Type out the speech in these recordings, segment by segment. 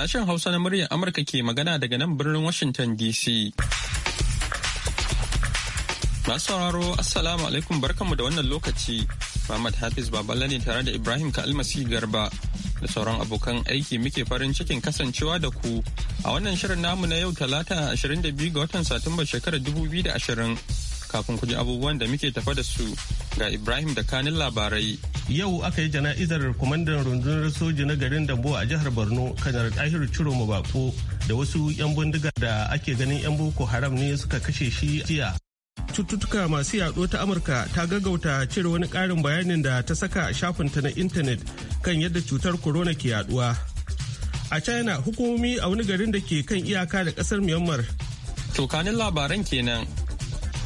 Sashen Hausa na muryar Amurka ke magana daga nan birnin Washington DC. Masu sauraro Assalamu alaikum barkanmu da wannan lokaci. Muhammad Hafiz Baballa ne tare da Ibrahim ka almasi Garba da sauran abokan aiki muke farin cikin kasancewa da ku a wannan shirin namu na yau talata 22 ga watan Satumba shekarar 2020 kafin ku ji abubuwan da muke tafa da su ga Ibrahim da kanin labarai. yau aka yi jana'izar kwamandan rundunar soji na garin dambo a jihar borno kanar tahiru ciro bako da wasu 'yan bindiga da ake ganin 'yan boko haram ne suka kashe shi jiya cututtuka masu yaɗo ta amurka ta gaggauta cire wani ƙarin bayanin da ta saka a shafinta na intanet kan yadda cutar corona ke yaduwa a china hukumomi a wani garin da ke kan iyaka da ƙasar myanmar tokanin labaran kenan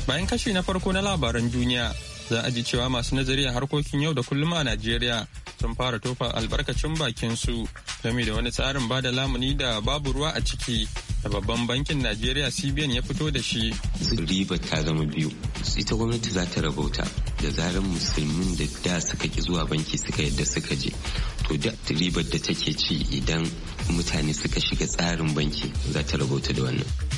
bayan kashi na farko na labaran duniya za a ji cewa masu nazari a harkokin yau da kullum a Najeriya sun fara tofa albarkacin bakin su game da wani tsarin bada lamuni da babu ruwa a ciki da babban bankin Najeriya CBN ya fito da shi. Riba ta zama biyu. Ita gwamnati za ta rabauta da zarar musulmin da da suka ki zuwa banki suka yadda suka je. To da ribar da take ci idan mutane suka shiga tsarin banki za ta rabauta da wannan.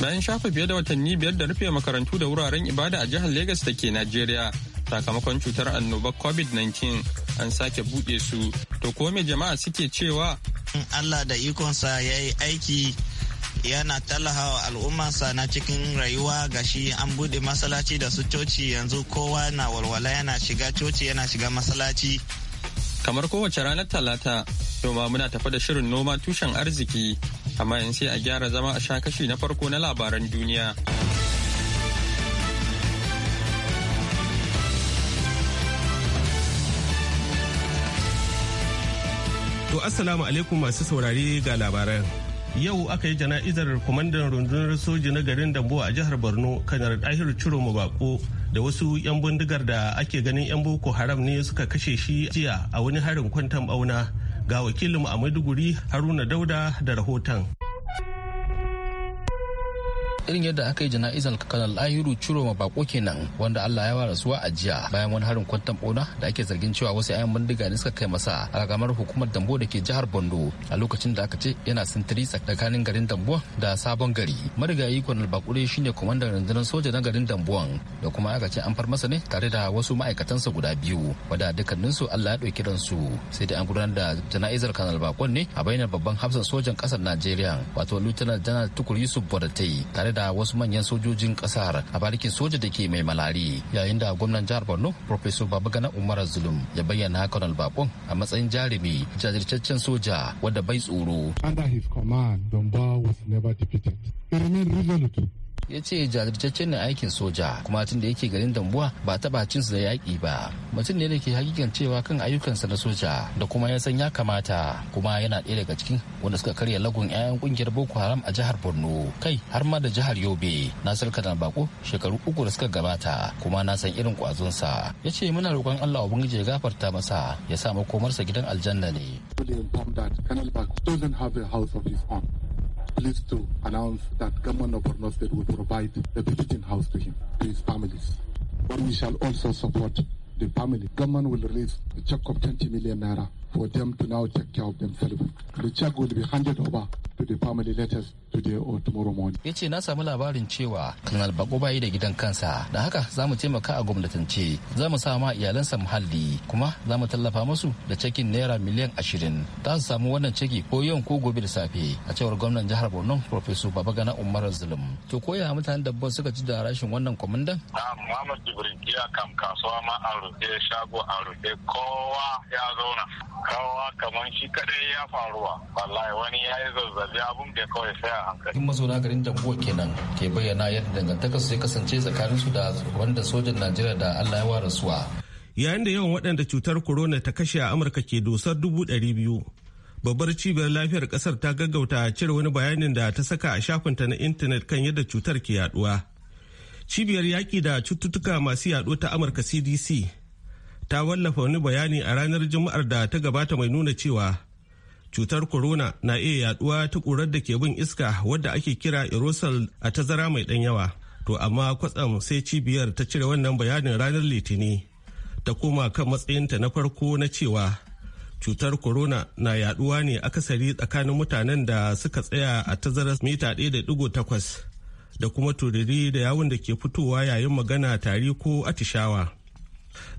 bayan shafa fiye da watanni biyar da rufe makarantu da wuraren ibada a jihar Legas da ke Najeriya sakamakon cutar annoba COVID-19 an sake buɗe su. To ko me jama'a suke cewa? Allah da ikonsa ya yi aiki yana tallahawa al'ummarsa na cikin rayuwa gashi an buɗe masalaci da su coci yanzu kowa na walwala yana shiga coci yana shiga masalaci. Kamar kowace ranar Talata, yau muna tafi da shirin noma tushen arziki, amma in sai a gyara zama a sha kashi na farko na labaran duniya. To assalamu alaikum masu saurari ga labaran. Yau aka yi jana'izar kwamandan rundunar soji na garin Dambo a jihar Borno, kanar dahir Ciro Mabako da wasu 'yan bindigar da ake ganin 'yan boko haram ne suka kashe shi jiya a wani harin kwantan bauna ga wakilin a maiduguri haruna dauda da rahoton irin yadda aka yi jana'izar kakanar ahiru ciro ma bako kenan wanda allah ya wara rasuwa a jiya bayan wani harin kwantan bona da ake zargin cewa wasu 'yan bindiga ne suka kai masa a ragamar hukumar dambo da ke jihar bondo a lokacin da aka ce yana sintiri tsakanin garin dambo da sabon gari marigayi kanal bakure shine kwamandan rundunar soja na garin dambuwan da kuma aka ce an far masa ne tare da wasu ma'aikatansa guda biyu wadda dukkaninsu allah ya ɗauki su sai dai an gudanar da jana'izar kanal bakon ne a bainar babban hafsan sojan ƙasar najeriya wato lieutenant general tukur yusuf bodatai tare da wasu manyan sojojin kasar a barikin soja da ke mai malari yayin da gwamnan jihar borno professor babagana umar zulum ya bayyana colonel bakon a matsayin jarumi jajirtaccen soja wadda bai tsoro under his command was never defeated he ya ce jajirtaccen ne aikin soja kuma tun da yake garin dambuwa ba cin su da yaƙi ba mutum ne da ke hakikan cewa kan ayyukansa na soja da kuma ya san ya kamata kuma yana ɗaya daga cikin wanda suka karya lagun 'ya'yan ƙungiyar boko haram a jihar borno kai har ma da jihar yobe na nasir da bako shekaru uku da suka gabata kuma na san irin kwazonsa ya ce muna roƙon allah ubangiji ya gafarta masa ya sa makomarsa gidan aljanna ne. pleased to announce that government of Borno State will provide a visiting house to him, to his families. But we shall also support the family. Government will release a check of 20 million naira for them to now take care of themselves. The check will be handed over to the family letters today or Ya ce na samu labarin cewa Kanal Bako bayi da gidan kansa da haka za mu taimaka a gwamnatance za mu sa iyalansa muhalli kuma za mu tallafa masu da cekin naira miliyan ashirin za su samu wannan ceki ko yau ko gobe da safe a cewar gwamnan jihar Borno Professor Babagana Umar Zulum. To ko ya mutanen dabban suka ci da rashin wannan kwamandan? Na Muhammad jibrin jiya kam kasuwa ma a rufe shago a rufe kowa ya zauna kowa kamar shi kadai ya faruwa wallahi wani ya yi zazzabi abun da kawai saya. hankali. mazauna garin Dambuwa kenan ke bayyana yadda dangantakar su ya kasance tsakanin su da wanda sojan Najeriya da Allah ya wa rasuwa. Yayin da yawan waɗanda cutar corona ta kashe a Amurka ke dosar dubu ɗari biyu. Babbar cibiyar lafiyar ƙasar ta gaggauta cire wani bayanin da ta saka a shafinta na intanet kan yadda cutar ke yaduwa. cibiyar yaƙi da cututtuka masu yaɗo ta amurka cdc ta wallafa wani bayani a ranar juma'ar da ta gabata mai nuna cewa cutar corona na iya yaduwa ta ƙurar da ke bin iska wadda ake kira aerosol a tazara mai ɗan yawa to amma kwatsam sai cibiyar ta cire wannan bayanin ranar litini ta koma kan matsayinta na farko na cewa cutar corona na yaduwa ne akasari tsakanin mutanen da suka tsaya a tazara mita 1.8 da kuma turiri da yawon da ke fitowa yayin magana tari ko atishawa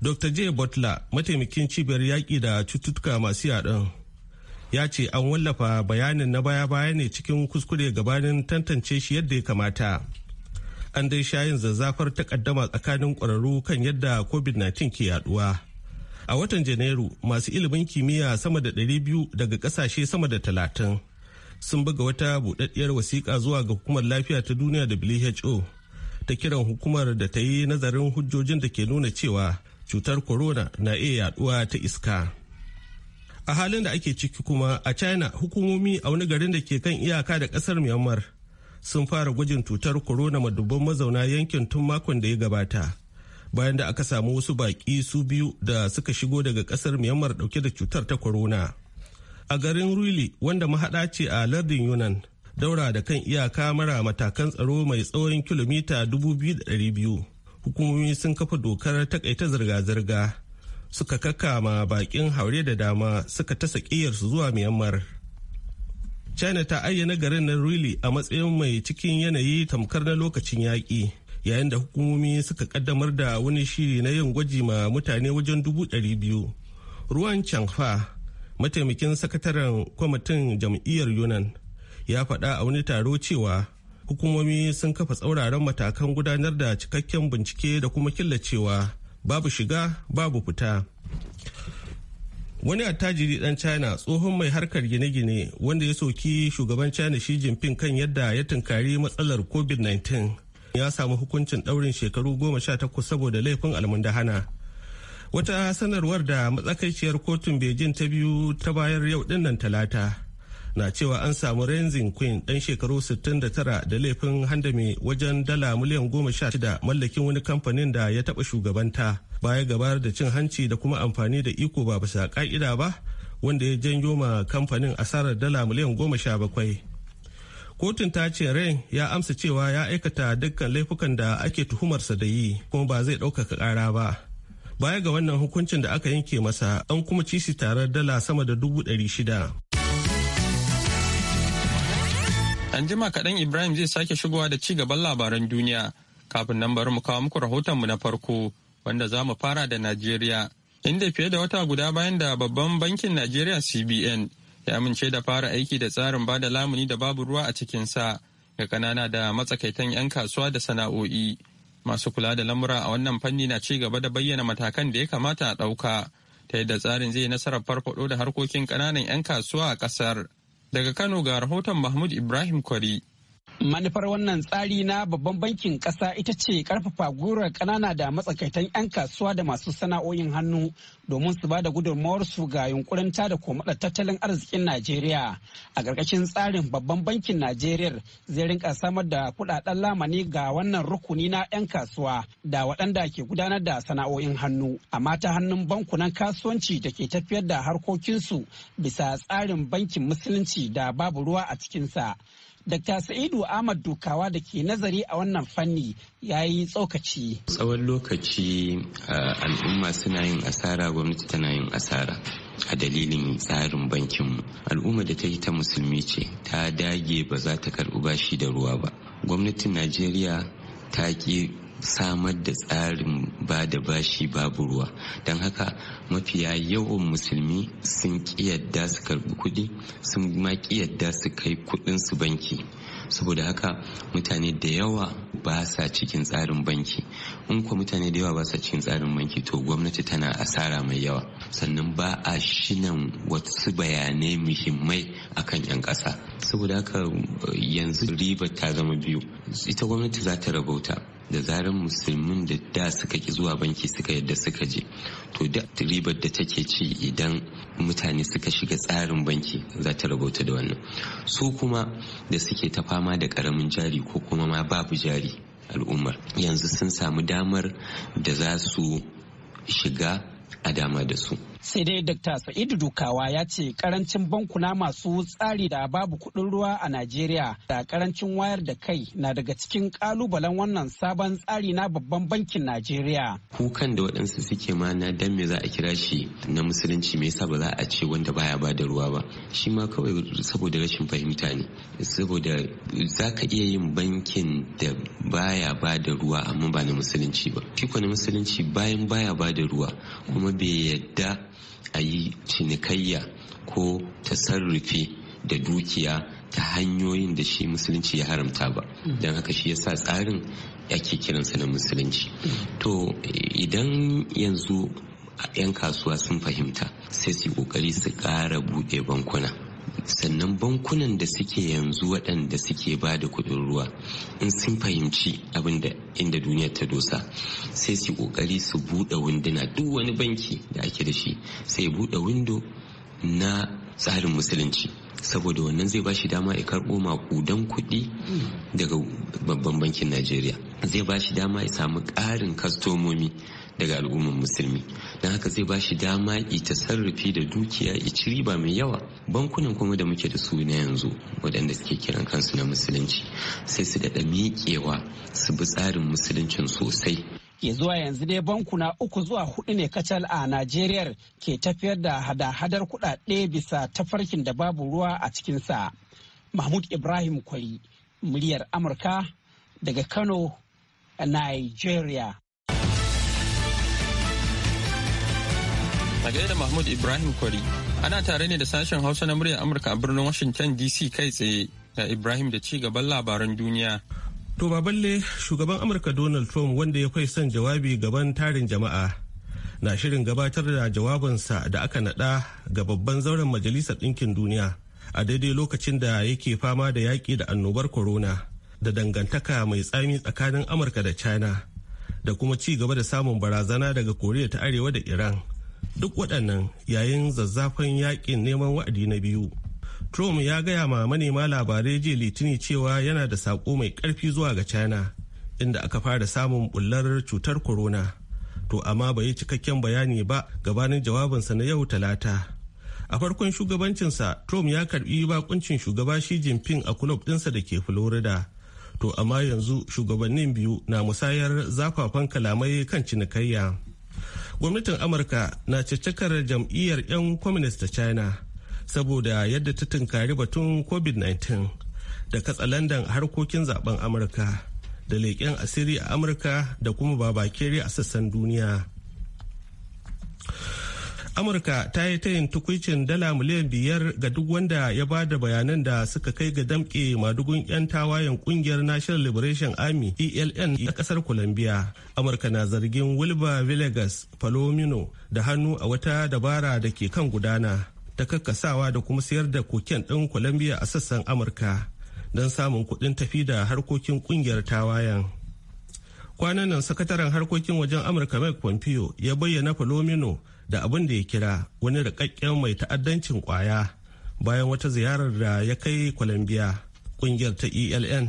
dr j butler mataimakin cibiyar yaƙi da cututtuka masu yaɗin ya ce an wallafa bayanin na baya-baya ne cikin kuskure gabanin tantance shi yadda ya kamata an dai shayin zazzafar takaddama tsakanin ƙwararru kan yadda covid-19 ke yaduwa a watan janairu masu ilimin kimiyya sama da 200 daga ƙasashe sama da 30 sun buga wata buɗaɗɗiyar wasiƙa zuwa ga hukumar lafiya ta duniya da who ta kiran hukumar da ta yi nazarin hujjojin da ke nuna cewa cutar corona na iya yaduwa ta iska a halin da ake ciki kuma a china hukumomi a wani garin da ke kan iyaka da kasar myanmar sun fara gwajin cutar korona ma mazauna yankin tun makon da ya gabata bayan da aka samu wasu baki su biyu da suka shigo daga kasar myanmar dauke da cutar ta korona a garin ruili wanda mahaɗa ce a lardin yunan daura da kan iyaka mara matakan tsaro mai tsawon kilomita 2,200 hukumomi sun kafa dokar takaita zirga-zirga suka kaka ma bakin haure da dama suka ta sakiyarsu zuwa myanmar china ta ayyana garin na ruili a matsayin mai cikin yanayi tamkar na lokacin yaƙi yayin da hukumomi suka kaddamar da wani shiri na yin gwaji ma mutane wajen dubu ɗari biyu ruwan changfa mataimakin sakataren kwamitin jam'iyyar yunan ya faɗa a wani taro cewa hukumomi sun kafa tsauraran matakan gudanar da cikakken bincike da kuma killacewa babu shiga babu fita wani attajiri dan china tsohon mai harkar gine-gine wanda ya soki shugaban china shi jinping kan yadda ya tunkari matsalar covid-19 ya samu hukuncin daurin shekaru goma sha takwas saboda laifin almundahana wata sanarwar da matsakaiciyar kotun beijing ta biyu ta bayar yau dinnan talata na cewa an samu Renzin Queen ɗan shekaru 69 da laifin handame wajen dala miliyan 16 mallakin wani kamfanin da ya taba shugabanta baya gabar da cin hanci da kuma amfani da iko ba bisa ka'ida ba wanda ya janyo ma kamfanin asarar dala miliyan 17. Kotun ta ce rain ya amsa cewa ya aikata dukkan laifukan da ake tuhumarsa da yi kuma ba zai ɗaukaka ƙara ba. Baya ga wannan hukuncin da aka yanke masa an kuma ci shi tare dala sama da dubu ɗari shida. An jima kaɗan Ibrahim zai sake shigowa da ci gaban labaran duniya kafin nan bari mu kawo muku rahotonmu na farko wanda za mu fara da Najeriya. Inda fiye da wata guda bayan da babban bankin Najeriya CBN ya amince da fara aiki da tsarin ba da lamuni da babu ruwa a cikinsa ga ƙanana da matsakaitan 'yan kasuwa da sana'o'i. Masu kula da lamura a wannan fanni na ci gaba da bayyana matakan da ya kamata a ɗauka ta yadda tsarin zai nasarar farfaɗo da harkokin ƙananan 'yan kasuwa a ƙasar. Daga Kano ga rahoton Mahmud Ibrahim Kwari Manufar wannan tsari na babban bankin ƙasa ita ce ƙarfafa gurar ƙanana da matsakaitan 'yan kasuwa da masu sana'o'in hannu domin su ba da su ga yunkurin da komada tattalin arzikin Najeriya. A ƙarƙashin tsarin babban bankin Najeriya zai rinka samar da kuɗaɗen lamani ga wannan rukuni na 'yan kasuwa da waɗanda ke gudanar da sana'o'in hannu. Amma ta hannun bankunan kasuwanci da ke tafiyar da harkokinsu bisa tsarin bankin musulunci da babu ruwa a cikinsa. Dr. Sa'idu Ahmad Dokawa da ke nazari a wannan fanni ya yi tsokaci. Tsawon lokaci al'umma suna yin asara gwamnati tana yin asara. a dalilin tsarin bankinmu al'umma da ta yi ta musulmi ce ta dage ba za ta karɓi bashi da ruwa ba gwamnatin najeriya ta ƙi samar da tsarin ba da bashi babu ruwa don haka mafiya yawan musulmi sun kiyarda su karbi kudi sun ma kiyarda su kai kudin su banki saboda haka mutane da yawa ba sa cikin tsarin banki in kuwa mutane da yawa ba sa cikin tsarin banki to gwamnati tana asara mai yawa sannan ba a shinan wasu bayanai muhimmai kan 'yan ƙasa saboda haka eh, yanzu riba ta zama biyu ita gwamnati za ta rabauta da zarar musulmin da da suka ki zuwa banki suka yadda suka je to da ribar da take ci idan mutane suka shiga tsarin banki za ta rabauta da wannan su kuma da suke ta fama da karamin jari ko kuma ma babu jari al'ummar yanzu sun samu damar da za su shiga a dama da su sai dai dr sa'idu dukawa ya ce karancin bankuna masu tsari da babu kudin ruwa a najeriya da karancin wayar da kai na daga cikin kalubalen wannan sabon tsari na babban bankin najeriya kukan da waɗansu suke ma na dan me za a kira shi na musulunci me yasa ba za a ce wanda baya ba da ruwa ba shi ma kawai saboda rashin fahimta ne saboda za ka iya yin bankin da baya ba da ruwa amma ba na musulunci ba shi na musulunci bayan baya ba da ruwa kuma bai yadda a yi cinikayya ko ta tasarrufi da dukiya ta hanyoyin da shi musulunci ya haramta ba mm. don haka shi yasa tsarin ake kiransa na musulunci mm. to idan yanzu 'yan kasuwa sun fahimta sai su yi kokari su ƙara bude bankuna sannan bankunan da suke yanzu waɗanda suke ba da kuɗin ruwa in sun fahimci abin da inda duniya ta dosa sai su ƙoƙari su buɗe winduna duk wani banki da ake da shi sai buɗe windo na tsarin musulunci saboda wannan zai ba shi dama ya karɓo maƙudan kuɗi daga babban bankin najeriya zai ba shi dama ya samu ƙarin kastomomi daga al'ummar musulmi don haka zai ba shi dama i ta sarrafi da dukiya i ci riba mai yawa bankunan kuma da muke da su na yanzu waɗanda suke kiran kansu na musulunci sai su daɗa miƙewa su bi tsarin musuluncin sosai ya zuwa yanzu dai bankuna uku zuwa hudu ne kacal a najeriya ke tafiyar da hada-hadar kudade bisa tafarkin da babu ruwa a cikinsa mahmud ibrahim kwari muryar amurka daga kano a nigeria A da Mahmud Ibrahim Kwari, ana tare ne da sashen Hausa na muryar Amurka a birnin Washington DC kai tsaye da Ibrahim da ci gaban labaran duniya. To ba balle shugaban Amurka Donald Trump wanda ya kai son jawabi gaban tarin jama'a na shirin gabatar da jawabinsa da aka naɗa ga babban zauren Majalisar Ɗinkin Duniya a daidai lokacin da yake fama da yaƙi da annobar corona da dangantaka mai tsami tsakanin Amurka da China da kuma ci gaba da samun barazana daga Koriya ta Arewa da Iran. duk waɗannan yayin zazzafan yakin neman wa'adi na biyu trump ya gaya ma manema labarai jiya litini cewa yana da saƙo mai ƙarfi zuwa ga china inda aka fara samun bullar cutar corona to amma bai yi cikakken bayani ba gabanin jawabinsa na yau talata a farkon shugabancinsa trump ya karbi bakuncin shugaba shi jinping a kulob dinsa da ke florida to amma yanzu shugabannin biyu na musayar zafafan kalamai kan cinikayya gwamnatin amurka na cikakkar jam'iyyar 'yan communist ta china saboda yadda ta tunkari batun covid-19 da katsalandan harkokin zaben amurka da leƙen asiri a amurka da kuma babakere a sassan duniya amurka ta yi tayin tukwicin dala miliyan biyar ga duk wanda ya ba da bayanan da suka kai ga damke madugun 'yan tawayen kungiyar national liberation army eln na kasar colombia amurka na zargin wilba villegas palomino da hannu a wata dabara da ke kan gudana ta kakkasawa da kuma sayar da koken ɗin colombia a sassan amurka don samun kuɗin tafi da harkokin kungiyar tawayen kwanan nan sakataren harkokin wajen amurka mike pompeo ya bayyana palomino da abin da ya kira wani rikakken mai ta'addancin kwaya bayan wata ziyarar da ya kai colombia kungiyar ta eln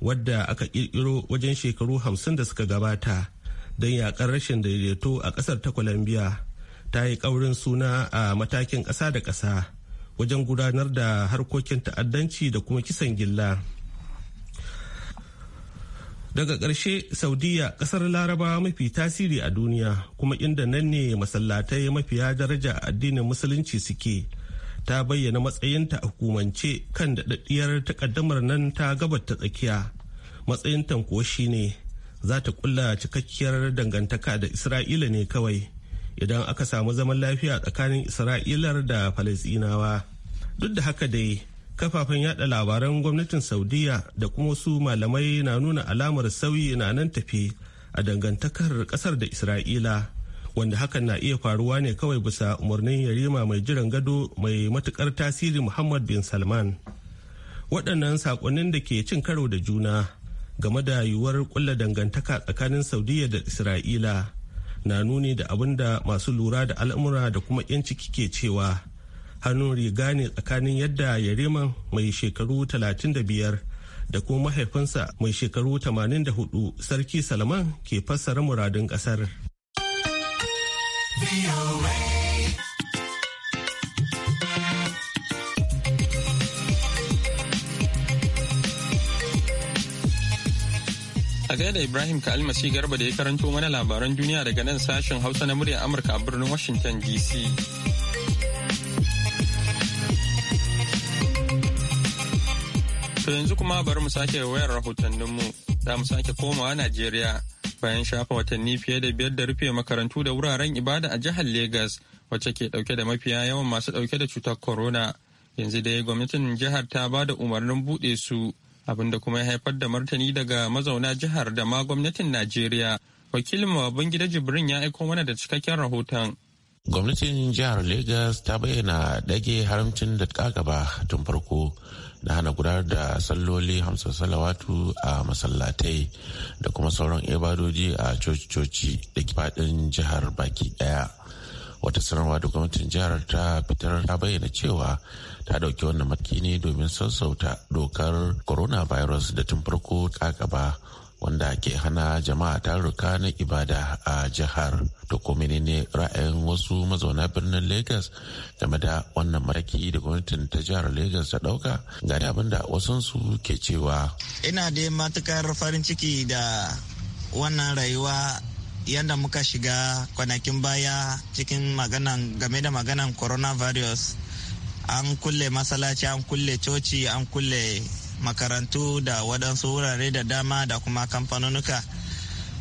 wadda aka kirkiro wajen shekaru hamsin da suka gabata don yakar rashin daidaito a kasar ta colombia ta yi kaurin suna a matakin kasa da kasa wajen gudanar da harkokin ta'addanci da kuma kisan gilla. daga ƙarshe saudiya ƙasar laraba mafi tasiri a duniya kuma inda nan ne masallatai mafiya daraja addinin musulunci suke ta bayyana matsayinta a hukumance kan daɗaɗɗiyar takaddamar nan ta gabar ta tsakiya matsayinta kuwa shine za ta kulla cikakkiyar dangantaka da isra'ila ne kawai idan aka samu zaman lafiya tsakanin isra'ilar da falasinawa duk da haka dai kafafen yada labaran gwamnatin saudiya da kuma wasu malamai na nuna alamar sauyi na nan tafi a dangantakar kasar da isra'ila wanda hakan na iya faruwa ne kawai bisa umarnin yarima mai jiran gado mai matukar tasiri muhammad bin salman waɗannan saƙonnin da ke cin karo da juna game da yiwuwar kulla dangantaka tsakanin saudiya da isra'ila na nuni da abin da masu lura da al'amura da kuma 'yanci ke cewa hannun riga ne tsakanin yadda yareman mai shekaru 35 da kuma mahaifinsa mai shekaru 84 sarki salman ke fassara muradun kasar A da Ibrahim ka almasi garba da ya karanto mana labaran duniya daga nan sashen Hausa na muryar Amurka a birnin Washington DC. To yanzu kuma bari mu sake wayar rahotanninmu za mu sake komawa Najeriya bayan shafa watanni fiye da biyar da rufe makarantu da wuraren ibada a jihar Legas wacce ke ɗauke da mafiya yawan masu ɗauke da cutar corona. Yanzu dai gwamnatin jihar ta ba da umarnin buɗe su abinda kuma ya haifar da martani daga mazauna jihar da ma gwamnatin Najeriya. Wakilin babban gida Jibrin ya aiko mana da cikakken rahoton. Gwamnatin jihar Legas ta bayyana dage haramcin da ƙagaba tun farko Da hana gudanar da salloli hamsin salawatu a masallatai da kuma sauran ibadoji a coci-coci da faɗin jihar baki ɗaya. wata sanarwa da gwamnatin jihar ta fitar ta bayyana cewa ta dauki wannan mataki ne domin sassauta dokar coronavirus da tun farko kakaba wanda ke hana jama'a taruka na ibada a jihar da kuma ne ra'ayin wasu mazauna birnin lagos game da wannan maraki da gwamnatin ta jihar lagos ta dauka ga abin da wasansu ke cewa ina da matukar farin ciki da wannan rayuwa yadda muka shiga kwanakin baya cikin maganan game da maganan coronavirus an kulle masalaci an kulle coci an kulle makarantu da waɗansu wurare da dama da kuma kamfanonuka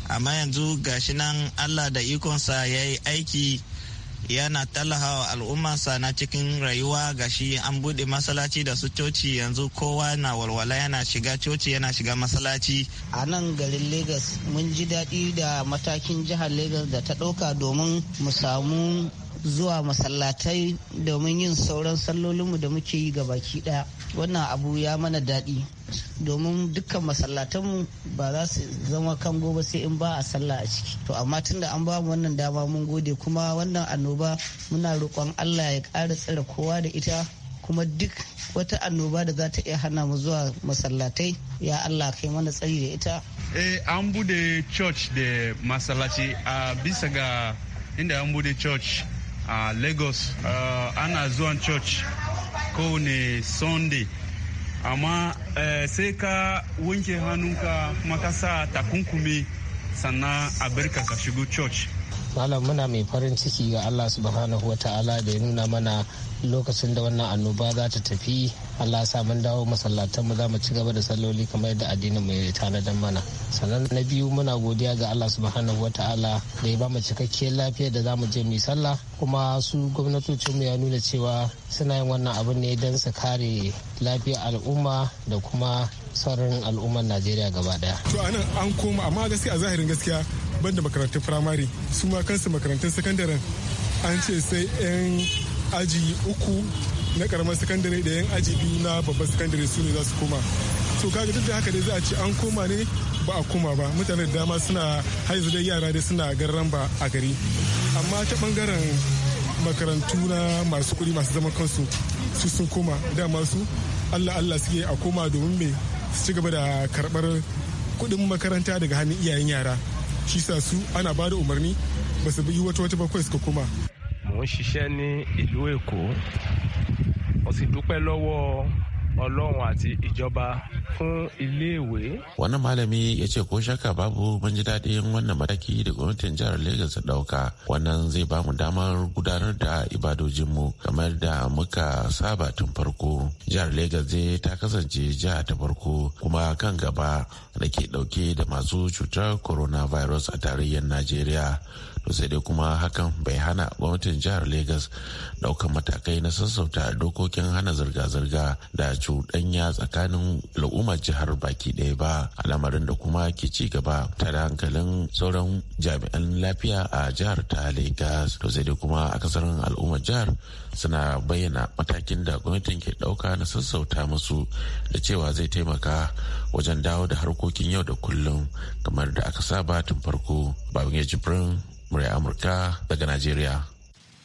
amma yanzu gashi nan allah da ikonsa ya yi aiki yana wa al'ummarsa na cikin rayuwa gashi an buɗe masalaci da su coci yanzu kowa na walwala yana shiga coci yana shiga masalaci a nan garin lagos mun ji daɗi da matakin jihar lagos da ta ɗauka domin mu samu zuwa masallatai domin yin sauran sallolinmu da muke yi ga baki ɗaya wannan abu ya mana daɗi domin dukkan masallatanmu ba za su zama kango ba sai in ba a sallah a ciki to amma tunda an ba mu wannan dama mun gode kuma wannan annoba muna roƙon allah ya ƙara tsare kowa da ita kuma duk wata annoba da za ta iya hana mu zuwa masallatai ya Allah kai mana tsari da ita. Eh an bude church da masallaci a bisa ga inda an bude church a lagos eh, ana zuwan church ne sunday amma eh, sai ka wanke hannunka kuma ka sa takunkumi sannan a barka ka shigo church malam muna mai farin ciki ga allah subhanahu wa ta'ala da ya nuna mana lokacin da wannan annoba za ta tafi allah sa mun dawo masallatan mu za mu ci gaba da salloli kamar yadda addinin mu ya tanadan mana sannan na biyu muna godiya ga allah subhanahu wa ta'ala da ya ba mu cikakkiyar lafiya da za mu je mu sallah kuma su gwamnatocin mu ya nuna cewa suna yin wannan abin ne don su kare lafiyar al'umma da kuma sauran al'ummar najeriya gaba daya to anan an koma amma gaskiya a zahirin gaskiya banda makarantun firamare su ma kansu makarantun sakandare an ce sai 'yan aji uku na karamar sakandare da 'yan aji biyu na babban sakandare su ne za su koma to kaga duk da haka dai za a ce an koma ne ba a koma ba mutane da dama suna haizu da yara dai suna garan ba a gari amma ta bangaren makarantu na masu kuɗi masu zaman kansu su sun koma dama su allah allah suke a koma domin me su ci gaba da karbar kudin makaranta daga hannun iyayen yara shi sa su ana ba da umarni ba su yi wata wata bakwai suka kuma mò ń ṣiṣẹ́ ní ìlú èkó mo ọlọ́run àti ìjọba fún iléèwé. wani malami ya ce ko shaka babu mun ji daɗin wannan mataki da gwamnatin jihar lagos ta ɗauka wannan zai ba mu damar gudanar da ibadojinmu kamar da muka saba tun farko jihar lagos zai ta kasance jiha ta farko kuma kan gaba da ke ɗauke da masu cutar coronavirus a tarayyar najeriya to sai dai kuma hakan bai hana gwamnatin jihar Legas daukan matakai na sassauta dokokin hana zirga-zirga da cuɗanya tsakanin al'umma jihar baki ɗaya ba al'amarin da kuma ke ci gaba ta hankalin sauran jami'an lafiya a jihar ta Legas. to sai dai kuma akasarin al'ummar jihar suna bayyana matakin da gwamnatin ke ɗauka na sassauta musu da cewa zai taimaka wajen dawo da harkokin yau da kullum kamar da aka saba tun farko babin ya jibrin murya Amurka daga Najeriya.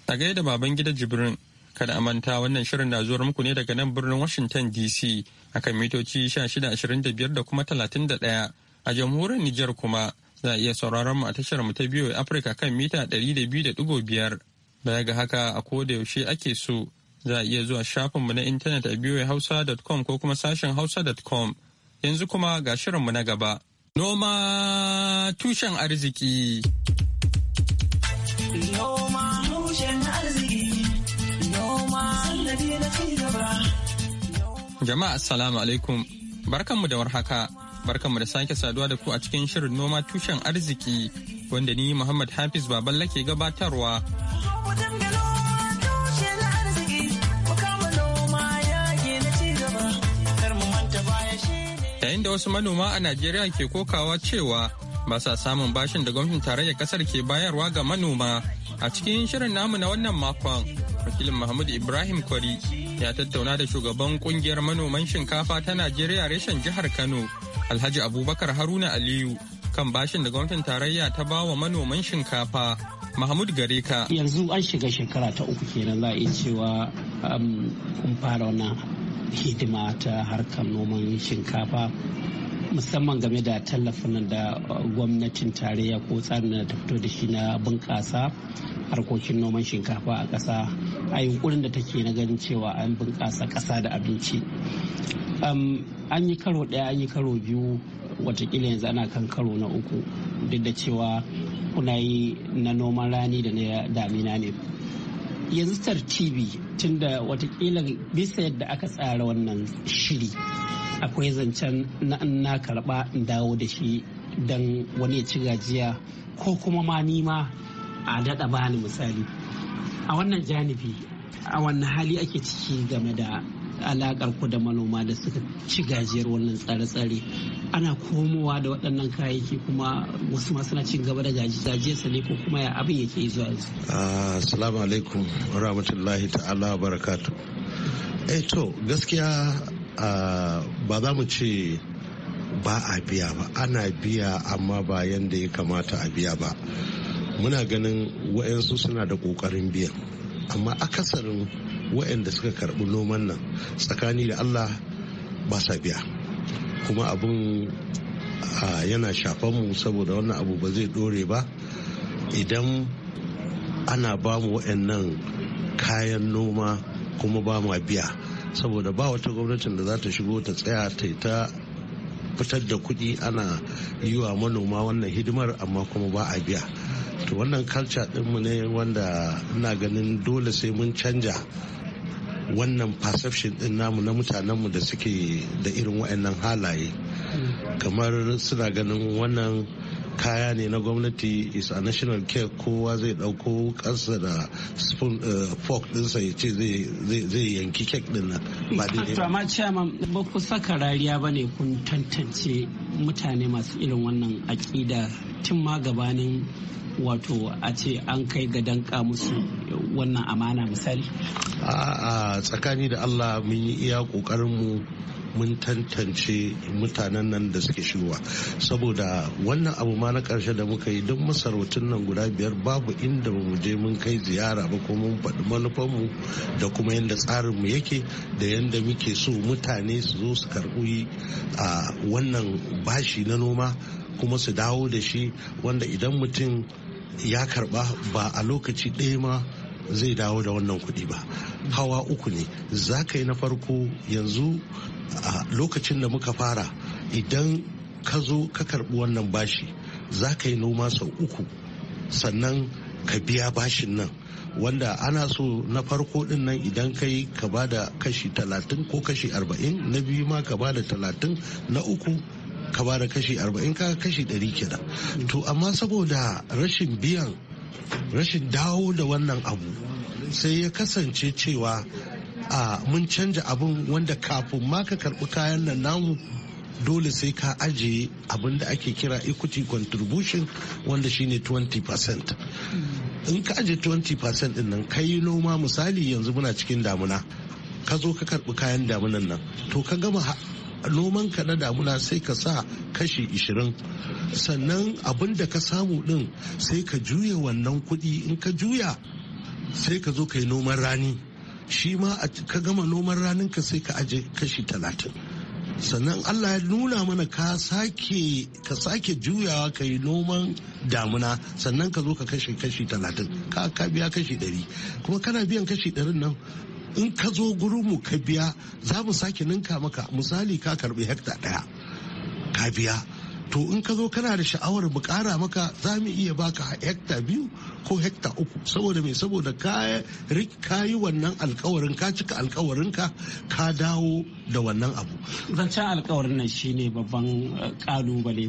A gaida baban gida Jibrin, kada a manta wannan shirin na zuwar muku ne daga nan birnin Washington DC akan mitoci 1625 da kuma 31 a jamhuriyar Nijar kuma za a iya sauraron mu a tashar mu ta biyu Afirka kan mita 200.5 baya ga haka a koda yaushe ake so za a iya zuwa shafinmu na intanet a hausa.com ko kuma sashen hausa.com yanzu kuma ga shirinmu na gaba. Noma tushen arziki. Noma tushen arziki. Noma na cigaba. Jama'a assalamu alaikum. Barkanmu da warhaka. Barkanmu da sake saduwa da ku a cikin shirin noma tushen arziki wanda ni Muhammad Hafiz Baballa ke gabatarwa. Yayin da wasu manoma a Najeriya ke kokawa cewa Ba sa samun bashin da gwamnatin tarayyar kasar ke bayarwa ga manoma a cikin shirin namu na wannan makon wakilin mahmud ibrahim kwari ya tattauna da shugaban kungiyar manoman shinkafa ta najeriya reshen jihar kano alhaji abubakar haruna aliyu kan bashin da gwamnatin tarayya ta ba wa manoman shinkafa mahmud gare ka yanzu an shiga shekara ta uku kenan za a iya cewa um, kun fara wannan hidima ta harkar noman shinkafa musamman game da tallafin da uh, gwamnatin tarayya ko tsarin da ta fito da shi na bunƙasa harkokin noman shinkafa a ƙasa a yunkurin da take na ganin cewa an bunƙasa ƙasa da abinci um, an yi karo ɗaya an yi karo biyu watakila yanzu ana kan karo na uku duk da cewa kuna yi na noman rani da na damina ne yanzu tartibi tunda watakila bisa yadda aka tsara wannan shiri akwai zancen na na karɓa in dawo da shi don wani ya ci gajiya ko kuma ma nima a daɗa bani misali a wannan janibi a wannan hali ake ciki game da alakar ku da manoma da suka ci gajiyar wannan tsare-tsare ana komowa da waɗannan kayayyaki kuma wasu masu na cin gaba da sa ne ko kuma ya abin yake zuwa yanzu. Ah, assalamu alaikum rahmatullahi ta'ala barakatu eh to gaskiya ba za mu ce ba a biya ba ana biya amma ba yadda ya kamata a biya ba muna ganin wa'yansu suna da ƙoƙarin biyan amma akasarin wa'yanda suka karɓi noman nan tsakani da allah ba sa biya kuma abin yana mu saboda wannan abu ba zai ɗore ba idan ana ba mu wa'yannan kayan noma kuma ba mu biya saboda ba wata gwamnatin da za ta shigo ta tsaya ta ta fitar da kuɗi ana yi wa manoma wannan hidimar amma kuma ba a biya to wannan kalca ɗinmu ne wanda ina ganin dole sai mun canja wannan perception ɗin namu na mutanenmu da suke da irin wa'annan halaye kamar suna ganin wannan kaya ne na gwamnati is a national care kowa zai dauko kansa da spoon eh, fork dinsa ya ce zai yanki kek din nan ba dai ba. amma ba ku saka rariya ba kun tantance mutane masu irin wannan aƙida tun ma gabanin wato a ce an kai ga danka musu wannan amana misali? a tsakani da allah mun yi iya mu mun tantance mutanen nan da suke shigowa saboda wannan abu ma na karshe da muka yi don masarautun nan guda biyar babu inda ba mu je mun kai ziyara ba kuma mun faɗi manufanmu da kuma yadda tsarinmu yake da yadda muke so mutane su zo su karɓi a wannan bashi na noma kuma su dawo da shi wanda idan mutum ya karba ba a lokaci ɗaya ma zai dawo da wannan kuɗi ba hawa uku ne za ka yi na farko yanzu a lokacin da muka fara idan ka zo ka karɓi wannan bashi za ka yi noma sau uku sannan ka biya bashin nan wanda ana so na farko din nan idan ka yi ka ba da kashi talatin ko kashi arba'in na biyu ma ka ba da talatin na uku ka ba da kashi arba'in ka kashi ɗari kenan to amma saboda rashin biyan rashin dawo da wannan abu sai ya kasance cewa a mun canja abin wanda kafin ma ka karbi kayan nan namu dole sai ka ajiye abin da ake kira equity contribution wanda shine 20% in ka ajiye 20% din nan kai noma misali yanzu muna cikin damuna ka zo ka karbi kayan damunan nan to ka gama noman ka na damuna sai ka sa kashi 20 sannan abin da ka samu din sai ka juya wannan kudi in ka juya sai ka zo ka yi noman rani shi ma ka gama noman ranin ka sai ka aje kashi 30 sannan allah ya nuna mana ka sake ka juyawa ka yi noman damuna sannan ka zo ka kashe kashi 30 ka ka biya kashi 100 kuma kana biyan kashi 100 nan in ka zo gurinmu ka biya za mu sake ninka maka misali ka karbi hekta ɗaya. biya to in ka zo kana da sha'awar mu kara maka za mu iya baka hekta biyu ko hekta uku saboda mai saboda ka yi wannan alkawarin ka cika alkawarin ka ka dawo da wannan abu zancen alkawarin nan shine babban kalubale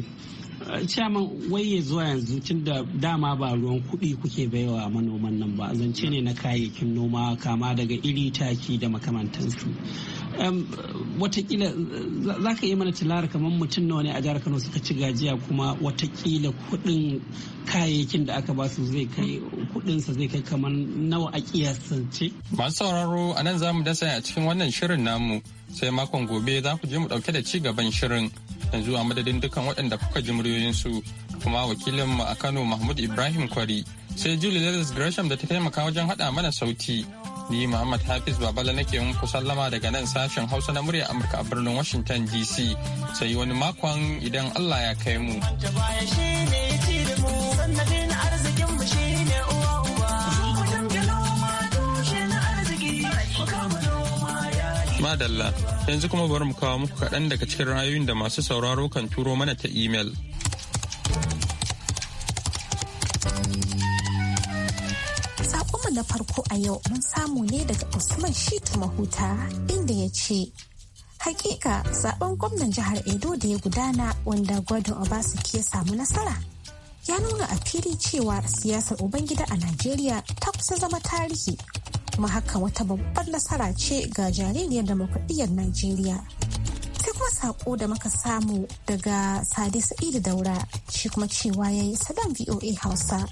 eh, eh, ciyaman wai ya zuwa yanzu tun da dama ba ruwan kuɗi kuke baiwa manoman nan ba zance ne na kayayyakin noma kama daga iri taki da makamantansu watakila za ka yi mana tilara kamar mutum nawa ne a jihar kano suka ci gajiya kuma watakila kudin kayayyakin da aka ba su zai kai kudinsa zai kai kamar nawa a kiyasance masu sauraro a nan za mu dasa a cikin wannan shirin namu sai makon gobe za ku je mu dauke da ci gaban shirin yanzu a madadin dukkan waɗanda kuka ji muryoyin su kuma wakilin mu a kano mahmud ibrahim kwari sai julie lewis gresham da ta taimaka wajen haɗa mana sauti Ni Muhammad Hafiz Babala nake muku sallama daga nan sashen Hausa na murya Amurka a birnin Washington DC. Sai wani makon idan Allah ya kai mu. Madalla, yanzu kuma bari mu kawo muku kaɗan daga cikin ra'ayoyin da masu sauraro kan turo mana ta imel. mu na farko a yau mun samu ne daga Usman Shita Mahuta inda ya ce Hakika zaben gwamnan jihar Edo da ya gudana wanda Gordon Obaseki ya samu nasara ya nuna a fili cewa siyasar Ubangida a Najeriya ta kusa zama tarihi kuma haka wata babbar nasara ce ga jaririyar demokradiyyar Najeriya. Sai kuma saƙo da muka samu daga Sadi Sa'idu Daura shi kuma cewa ya yi sadan VOA Hausa.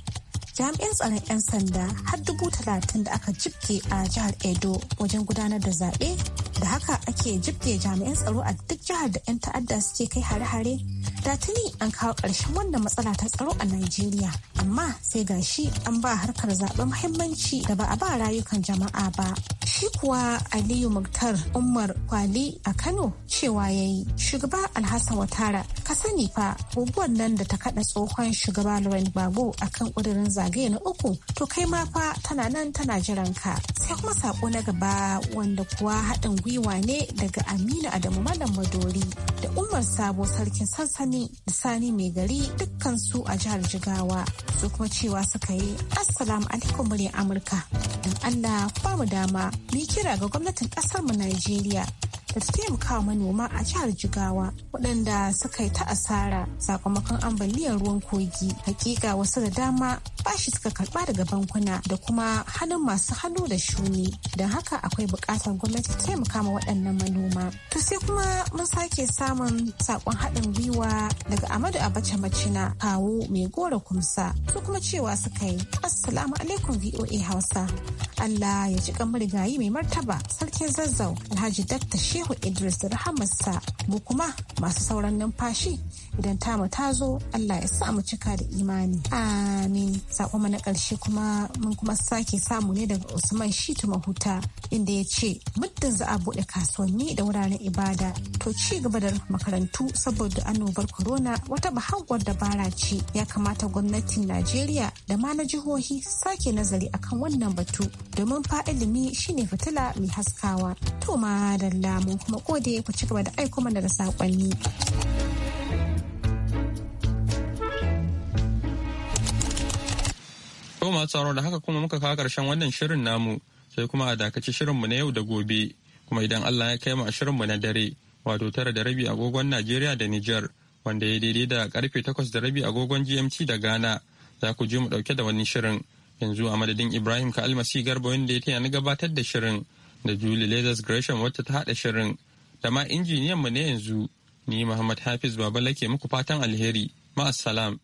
jami'an tsaron 'yan sanda har dubu talatin da aka jibge a jihar edo wajen gudanar da zaɓe da haka ake jibge jami'an tsaro a duk jihar da 'yan ta'adda suke kai hare-hare da tuni an kawo ƙarshen wannan matsala ta tsaro a najeriya amma sai gashi an ba harkar zaɓen muhimmanci da ba a ba rayukan jama'a ba shi kuwa aliyu muktar umar kwali a kano cewa ya yi shugaba alhassan watara ka sani fa guguwar nan da ta kaɗa tsohon shugaba laurent bago akan ƙudurin zagaye na uku to kai ma fa tana nan tana jiran ka sai kuma saƙo na gaba wanda kuwa haɗin gwiwa ne daga Aminu Adamu Malam Madori da Umar Sabo Sarkin Sansani da Sani Mai Gari dukkansu a jihar Jigawa su kuma cewa suka yi Assalamu alaikum muryar Amurka. Don Allah ba mu dama mu kira ga gwamnatin mu Najeriya da ta taimaka manoma a jihar Jigawa waɗanda suka yi ta asara sakamakon ambaliyar ruwan kogi. Hakika wasu da dama bashi suka karɓa daga bankuna da kuma hannun masu hannu da shuni. Don haka akwai buƙatar gwamnati ta taimaka ma waɗannan manoma. To sai kuma mun sake samun sakon haɗin gwiwa daga Amadu Abacha Macina kawo mai gora kumsa. Su kuma cewa suka yi Assalamu alaikum VOA Hausa. Allah ya ji kan marigayi mai martaba sarkin zazzau Alhaji Dakta Shehu Shehu Idris da rahamarsa mu kuma masu sauran numfashi idan ta tamu ta zo Allah ya sa mu cika da imani. Amin. Sako mana karshe kuma mun kuma sake samu ne daga Usman Shitu Mahuta inda ya ce muddin za a buɗe kasuwanni da wuraren ibada to ci gaba da makarantu saboda annobar corona wata bahagwar dabara ce ya kamata gwamnatin Najeriya da ma na jihohi sake nazari akan wannan batu domin fa ilimi shine fitila mai haskawa. To da lamu mun kuma gode ku ci gaba da aiko mana da sakonni. To masu da haka kuma muka kawo ƙarshen wannan shirin namu sai kuma a dakaci shirinmu na yau da gobe kuma idan Allah ya kai mu a shirinmu na dare wato tara da rabi agogon Najeriya da Nijar wanda ya daidai da karfe takwas da rabi agogon GMT da Ghana za ku je mu dauke da wani shirin yanzu a madadin Ibrahim ka almasi garba wanda ya taya ni gabatar da shirin da Julie Lazarus Gresham wacce ta haɗa shirin da ma injiniyan mu ne yanzu ni Muhammad Hafiz Babalake ke muku fatan alheri ma'assalam.